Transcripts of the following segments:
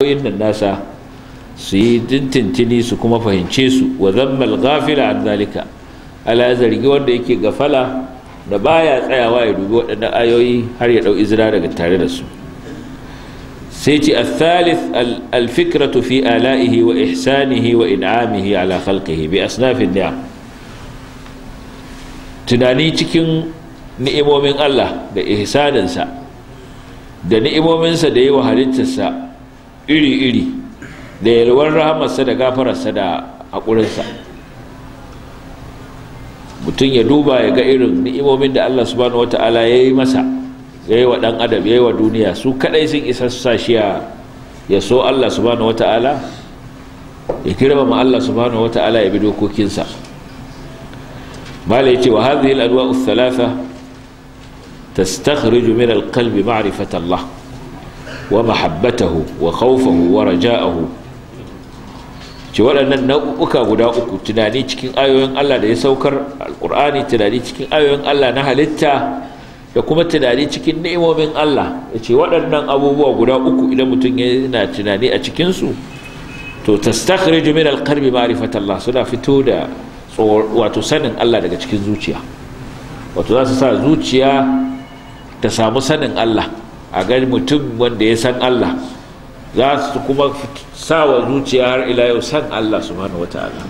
nan nasa su yi dintintini su kuma fahimce su wa zammal gafila an zalika ala zargi wanda yake gafala da baya tsayawa ya dubi waɗannan ayoyi har ya ɗau izina daga tare da su sai ci al-thalith al-fikratu ala'ihi wa ihsanihi wa in'amihi ala khalqihi bi asnafin ni'am tunani cikin ni'imomin Allah da ihsaninsa da ni'imominsa da yi wa halittarsa iri-iri da yalwar rahamarsa da gafararsa da haƙurinsa mutum ya duba ya ga irin ni'imomin da Allah subhanahu wata'ala ya yi masa ya yi wa ɗan adam ya yi wa duniya su kaɗai sun isa shi ya so Allah subhanahu wata'ala ya kirmama Allah subhanahu wata'ala ya bi dokokinsa ya ce wa hadhihi al-anwa'u thalatha tastakhriju min al-qalbi ma'rifata Allah wa mahabbatahu wa khawfahu wa hu ce waɗannan nau'uka guda uku tunani cikin ayoyin Allah da ya saukar alkur'ani tunani cikin ayoyin Allah na halitta da kuma tunani cikin ni'imomin Allah ya ce waɗannan abubuwa guda uku idan mutum yana tunani a cikinsu to tastakhriju min alqalbi ma'rifat Allah suna fito da wato sanin Allah daga cikin zuciya wato za su sa zuciya ta samu sanin Allah a gani mutum wanda ya san Allah za su kuma sa wa zuciya har ila yau san Allah wata ala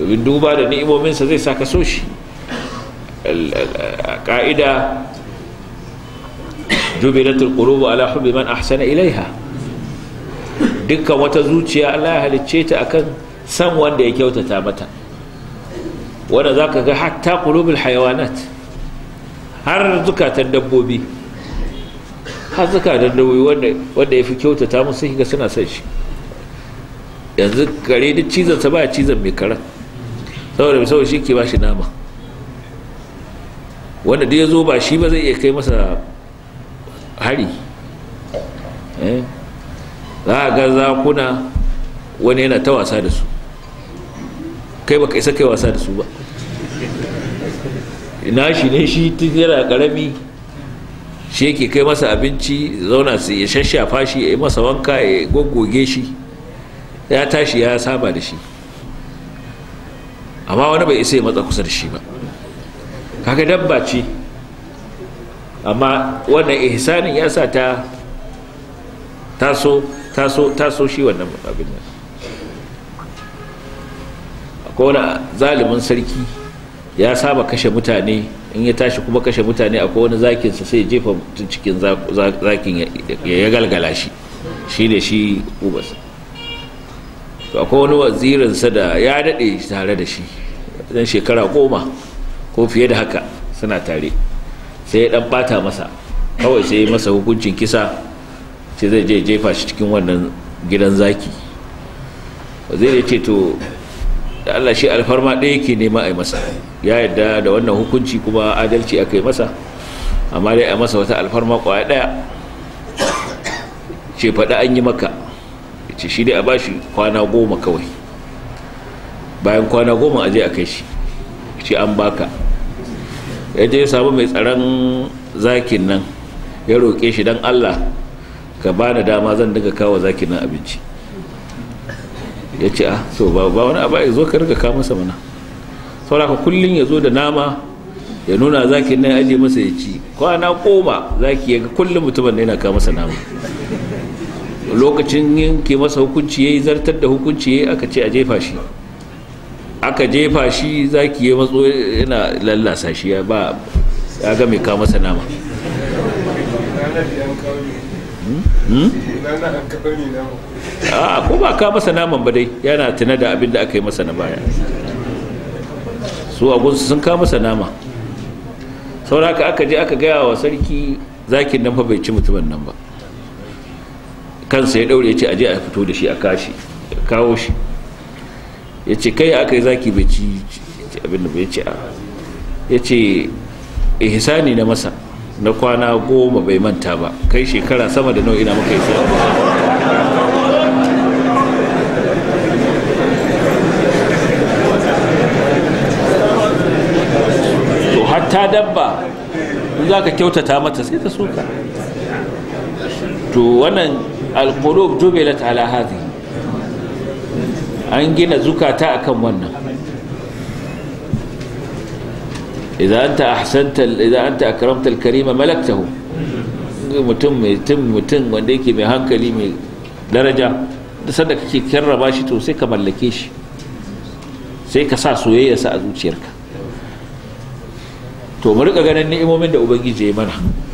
domin duba da ni'imominsa zai sa kaso so shi ƙa'ida jubilatul qulubu ala hubbi man ahsana ilaiha dukkan wata zuciya Allah ya halicce ta akan san wanda ya kyautata mata wanda zaka ga hatta qulubul hayawanat har zukatan dabbobi hazuka da nauyi wanda ya fi kyautata musu shiga suna son shi yanzu kare duk cizonsa ba cizon mai karan saboda saboda shi ke ba shi nama wanda da ya zo ba shi ba zai iya kai masa hari eh? za a ga zakuna wani yana ta wasa da su kai baka isa kai wasa da su ba ina shi ne shi tun yana karami shi yake kai masa abinci zauna su ya shashafa shi ya yi masa wanka ya goggoge shi ya tashi ya saba da shi amma wani bai isa ya matsa kusa da shi ba kaga dabba ce amma wannan ihsanin ya sa ta taso taso taso shi wannan abin nan akwai wani zalimin sarki ya saba kashe mutane in ya tashi kuma kashe mutane akwai wani zakin sa sai jefa mutum cikin zakin ya galgala shi shi ne shi ubas to akwai wani wazirin sa da ya dade tare da shi dan shekara goma ko fiye da haka suna tare sai ya dan bata masa kawai sai masa hukuncin kisa sai zai je jefa shi cikin wannan gidan zaki wazir ya ce to da Allah shi alfarma ɗaya yake nema a yi masa ya yadda da wannan hukunci kuma adalci aka yi masa amma dai a masa wata alfarma kwaya daya ce faɗa an yi maka ce shi dai a bashi kwana goma kawai bayan kwana goma a je a kai shi ce an baka ya je samu mai tsaron zakin nan ya roƙe shi don allah ka ba da dama zan daga kawo zakin nan abinci ya ce ah, a so ba wani abu zo ka riga ka masa mana sauraka kullum ya zo da nama ya nuna zaki nan aje masa ya ci kwana koma zaki ya ga kullum mutumin da yana kawo masa nama lokacin yanke masa hukunci ya yi zartar da hukunci ya aka ce a jefa shi aka jefa shi zaki ya matso yana lallasa shi ya ba ya ga mai kawo masa nama hmm? hmm? a ko ba kawo masa naman ba dai yana tuna da abin da aka yi masa na baya su a gunsu sun kama masa nama sauraka aka je aka gaya wa sarki zakin nan fa bai ci mutumin nan ba kansa ya daure ya ce aje a fito da shi a kashi kawo shi ya ce kai aka yi zaki bai ci abin da bai ci a ya ce na masa na kwana goma bai manta ba kai shekara sama da nau'ina maka yi Ta dabba in za ka kyautata mata sai ta suka. to wannan alkulub jubilat ala hadhihi an gina zukata akan wannan idan anta ahsanta idan anta alkarima malaktahu mutum mai mutum wanda yake mai hankali mai daraja da sanda kake karraba shi to sai ka mallake shi sai ka sa soyayya sa a zuciyarka to mu rika ganin ni'imomin da ubangiji ya mana